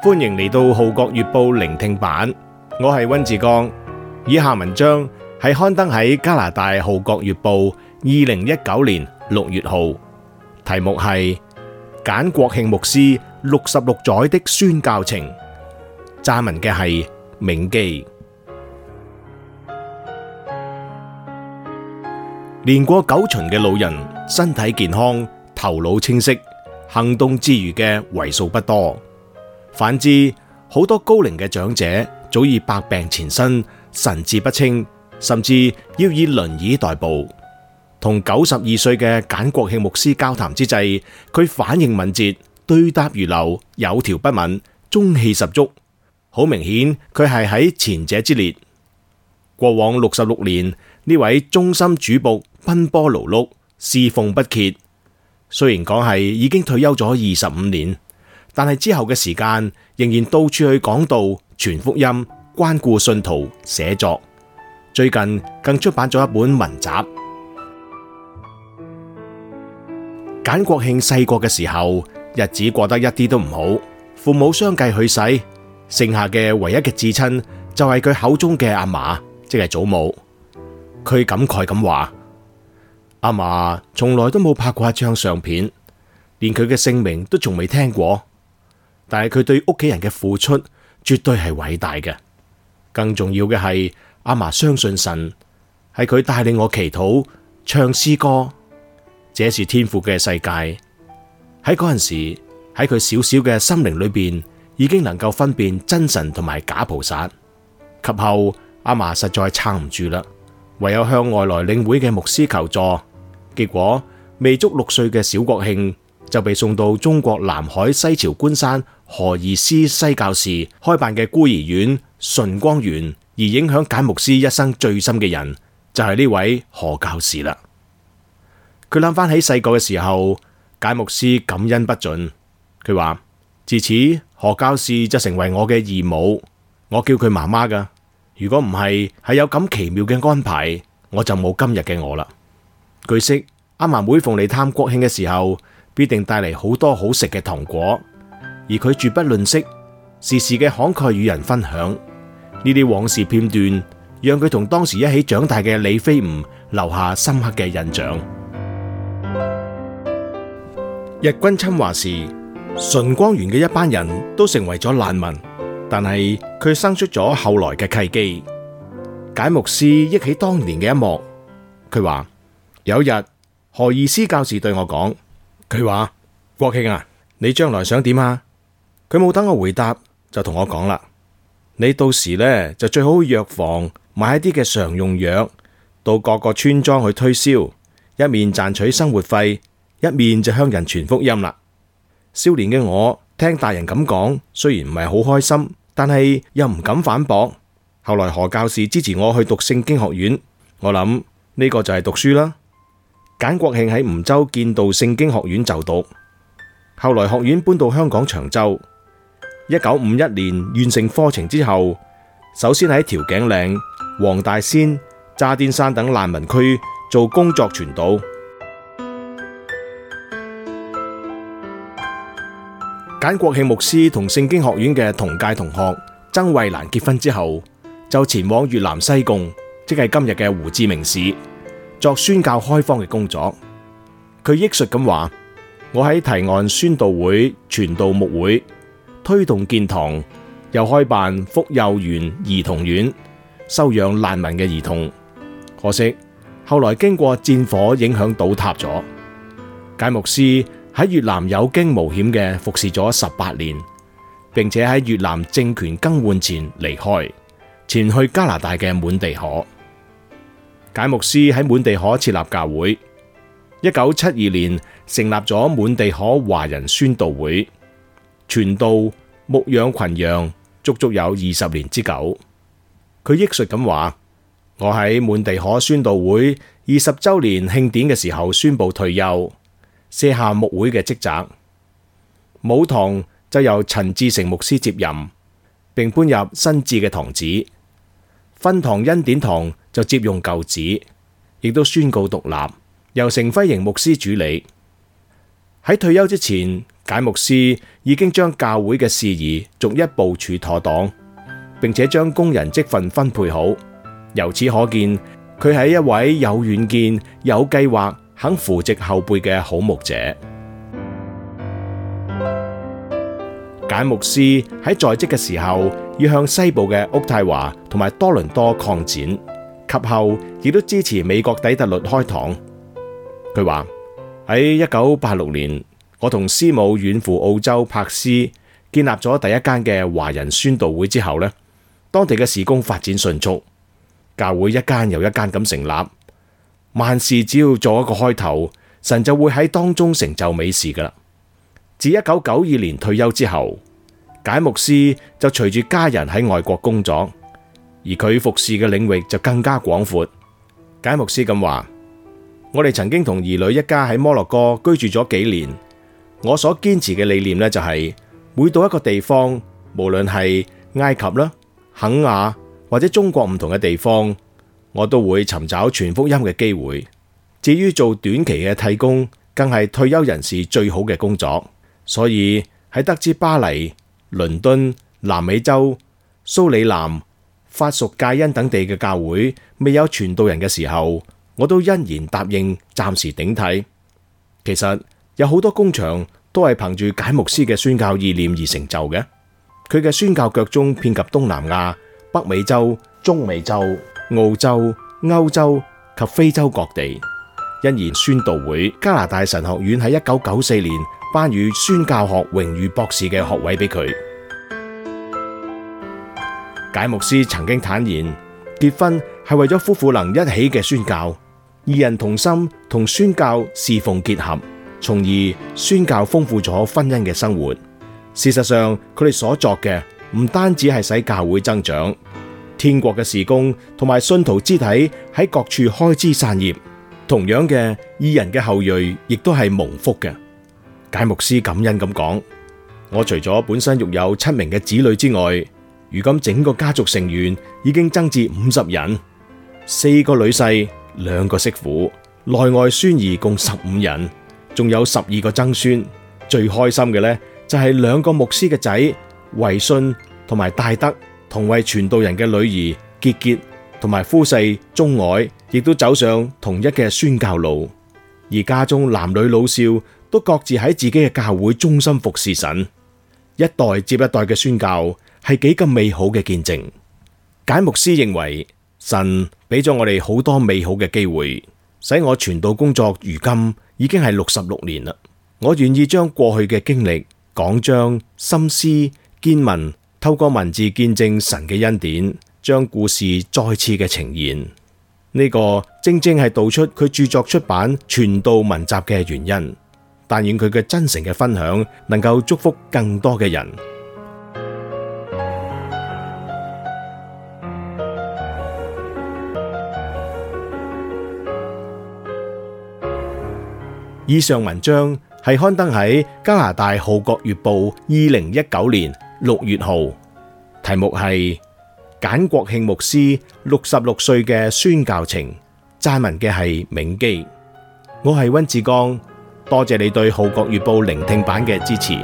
歡迎嚟到《號角月報》聆聽版，我係溫志剛。以下文章係刊登喺加拿大《號角月報》二零一九年六月號，題目係《簡國慶牧師六十六載的宣教情》，撰文嘅係明記。年過九旬嘅老人身體健康、頭腦清晰、行動自如嘅為數不多。反之，好多高齡嘅長者早已百病纏身、神智不清，甚至要以輪椅代步。同九十二歲嘅簡國慶牧師交談之際，佢反應敏捷，對答如流，有條不紊，中氣十足。好明顯，佢係喺前者之列。過往六十六年，呢位忠心主僕奔波勞碌，侍奉不竭。雖然講係已經退休咗二十五年。但係之後嘅時間仍然到處去講道、傳福音、關顧信徒、寫作。最近更出版咗一本文集。簡國慶細個嘅時候，日子過得一啲都唔好，父母相繼去世，剩下嘅唯一嘅至親就係佢口中嘅阿嫲，即係祖母。佢感慨咁話：阿嫲從來都冇拍過一張相片，連佢嘅姓名都仲未聽過。但係佢對屋企人嘅付出絕對係偉大嘅，更重要嘅係阿嫲相信神，係佢帶領我祈禱、唱詩歌，這是天父嘅世界。喺嗰陣時，喺佢小小嘅心靈裏邊，已經能夠分辨真神同埋假菩薩。及後阿嫲實在撐唔住啦，唯有向外來領會嘅牧師求助。結果未足六歲嘅小國慶。就被送到中國南海西樵觀山何爾斯西教士開辦嘅孤兒院順光園，而影響簡牧師一生最深嘅人就係呢位何教士啦。佢諗翻起細個嘅時候，簡牧師感恩不盡，佢話，自此何教士就成為我嘅義母，我叫佢媽媽噶。如果唔係係有咁奇妙嘅安排，我就冇今日嘅我啦。據悉，阿嫲每逢你探國慶嘅時候。必定帶嚟好多好食嘅糖果，而佢絕不吝嗇，時時嘅慷慨與人分享。呢啲往事片段，讓佢同當時一起長大嘅李飛吳留下深刻嘅印象。日軍侵華時，純光園嘅一班人都成為咗難民，但係佢生出咗後來嘅契機。簡牧師憶起當年嘅一幕，佢話：有一日何爾斯教士對我講。佢話：國慶啊，你將來想點啊？佢冇等我回答，就同我講啦。你到時呢，就最好去藥房買一啲嘅常用藥，到各個村莊去推銷，一面賺取生活費，一面就向人傳福音啦。少年嘅我聽大人咁講，雖然唔係好開心，但係又唔敢反駁。後來何教士支持我去讀聖經學院，我諗呢個就係讀書啦。簡國慶喺梧州建道聖經學院就讀，後來學院搬到香港長洲。一九五一年完成課程之後，首先喺調景嶺、黃大仙、渣甸山等難民區做工作傳道。簡國慶牧師同聖經學院嘅同屆同學曾慧蘭結婚之後，就前往越南西貢，即係今日嘅胡志明市。作宣教、開荒嘅工作，佢憶述咁話：我喺堤岸宣道會、傳道牧會、推動建堂，又開辦福幼園、兒童院，收養難民嘅兒童。可惜後來經過戰火影響，倒塌咗。簡牧師喺越南有驚無險嘅服侍咗十八年，並且喺越南政權更換前離開，前去加拿大嘅滿地可。簡牧師喺滿地可設立教會，一九七二年成立咗滿地可華人宣道會，傳道牧養群羊足足有二十年之久。佢憶述咁話：我喺滿地可宣道會二十周年慶典嘅時候宣布退休，卸下牧會嘅職責，母堂就由陳志成牧師接任，並搬入新置嘅堂址，分堂恩典堂。就接用舊址，亦都宣告獨立，由成輝營牧師主理。喺退休之前，簡牧師已經將教會嘅事宜逐一部署妥當，並且將工人職份分配好。由此可見，佢係一位有遠見、有計劃、肯扶植後輩嘅好牧者。簡牧師喺在，在職嘅時候，要向西部嘅渥太華同埋多倫多擴展。及後亦都支持美國底特律開堂。佢話喺一九八六年，我同師母遠赴澳洲柏斯建立咗第一間嘅華人宣道會之後呢，當地嘅事工發展迅速，教會一間又一間咁成立。萬事只要做一個開頭，神就會喺當中成就美事噶啦。自一九九二年退休之後，簡牧師就隨住家人喺外國工作。而佢服侍嘅領域就更加廣闊。簡牧師咁話：「我哋曾經同兒女一家喺摩洛哥居住咗幾年。我所堅持嘅理念咧，就係每到一個地方，無論係埃及啦、肯雅或者中國唔同嘅地方，我都會尋找傳福音嘅機會。至於做短期嘅替工，更係退休人士最好嘅工作。所以喺得知巴黎、倫敦、南美洲、蘇里南、法屬、加恩等地嘅教會未有傳道人嘅時候，我都欣然答應暫時頂替。其實有好多工場都係憑住簡牧師嘅宣教意念而成就嘅。佢嘅宣教腳蹤遍及東南亞、北美洲、中美洲、澳洲、歐洲及非洲各地。欣然宣道會加拿大神學院喺一九九四年頒予宣教學榮譽博士嘅學位俾佢。簡牧師曾經坦言，結婚係為咗夫婦能一起嘅宣教，二人同心同宣教侍奉結合，從而宣教豐富咗婚姻嘅生活。事實上，佢哋所作嘅唔單止係使教會增長，天國嘅事工同埋信徒肢體喺各處開枝散葉。同樣嘅，二人嘅後裔亦都係蒙福嘅。簡牧師感恩咁講：我除咗本身育有七名嘅子女之外，如今整個家族成員已經增至五十人，四個女婿、兩個媳婦、內外孫兒共十五人，仲有十二個曾孫。最開心嘅呢，就係兩個牧師嘅仔維信同埋戴德，同為傳道人嘅女兒杰杰同埋夫婿鍾凱，亦都走上同一嘅宣教路。而家中男女老少都各自喺自己嘅教會忠心服侍神，一代接一代嘅宣教。係幾咁美好嘅見證，簡牧師認為神俾咗我哋好多美好嘅機會，使我傳道工作如今已經係六十六年啦。我願意將過去嘅經歷、講章、心思、見聞，透過文字見證神嘅恩典，將故事再次嘅呈現。呢、這個正正係道出佢著作出版傳道文集嘅原因。但願佢嘅真誠嘅分享能夠祝福更多嘅人。以上文章係刊登喺加拿大浩國月報2019年6月號。題目係:簡國慶牧師66歲嘅宣教情，撰文嘅係銘基。我係溫志剛，多謝你對浩國月報聆聽版嘅支持。